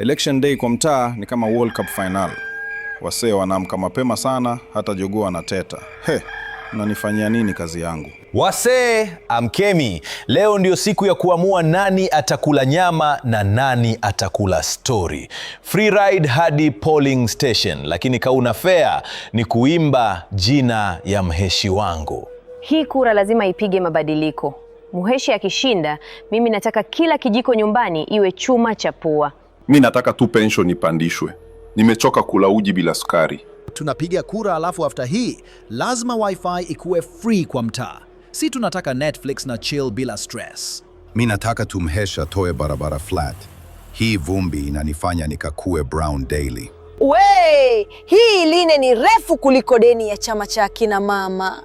Election day kwa mtaa ni kama World Cup final. Wasee wanaamka mapema sana, hata jogoo anateta. He, unanifanyia nini kazi yangu? Wasee amkemi leo ndio siku ya kuamua nani atakula nyama na nani atakula stori. Free ride hadi polling station, lakini kauna fea ni kuimba jina ya mheshi wangu. Hii kura lazima ipige mabadiliko. Mheshi akishinda, mimi nataka kila kijiko nyumbani iwe chuma cha pua mi nataka tu pension ipandishwe, nimechoka kula uji bila sukari. Tunapiga kura, alafu after hii lazima wifi ikuwe free kwa mtaa, si tunataka Netflix na chill bila stress. Mi nataka tumhesha toe barabara flat. Hii vumbi inanifanya nikakue brown daily. We, hii line ni refu kuliko deni ya chama cha akina mama.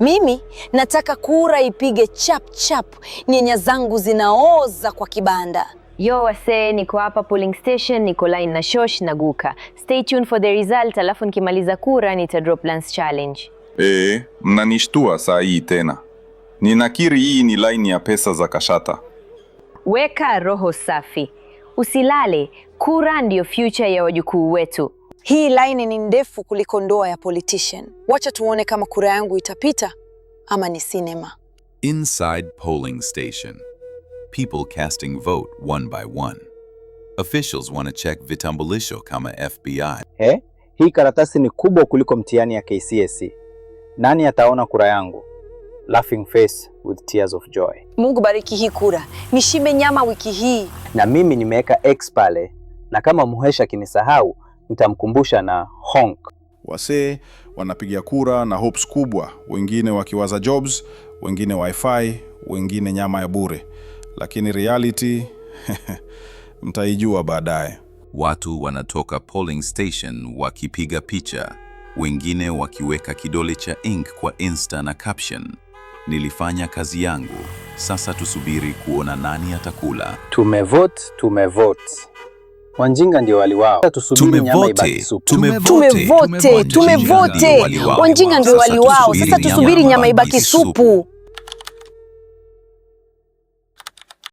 Mimi nataka kura ipige chap chap, nyanya zangu zinaoza kwa kibanda. Yo wase, niko hapa polling station, niko line na shosh na guka. Stay tuned for the result, alafu nikimaliza kura nita drop lance challenge. Eh, mnanishtua saa hii tena. Ninakiri hii ni line ya pesa za kashata. Weka roho safi, usilale. Kura ndiyo future ya wajukuu wetu. Hii laini ni ndefu kuliko ndoa ya politician. Wacha tuone kama kura yangu itapita ama ni sinema. Inside polling station. People casting vote one by one. Officials want to check vitambulisho kama FBI. He, hii karatasi ni kubwa kuliko mtihani ya KCSE. Nani ataona kura yangu? Laughing face with tears of joy. Mungu bariki hii kura. Nishime nyama wiki hii. Na mimi nimeweka X pale. Na kama Muhesha akinisahau nitamkumbusha na honk. Wasee wanapiga kura na hopes kubwa, wengine wakiwaza jobs, wengine wifi, wengine nyama ya bure, lakini reality mtaijua baadaye. Watu wanatoka polling station wakipiga picha, wengine wakiweka kidole cha ink kwa insta na caption, nilifanya kazi yangu, sasa tusubiri kuona nani atakula. Tumevote, tumevote. Wanjinga ndio wali wao. Tusubiri nyama ibaki supu. Tumevote, tumevote. Wanjinga ndio wali wao. Sasa tusubiri nyama ibaki supu.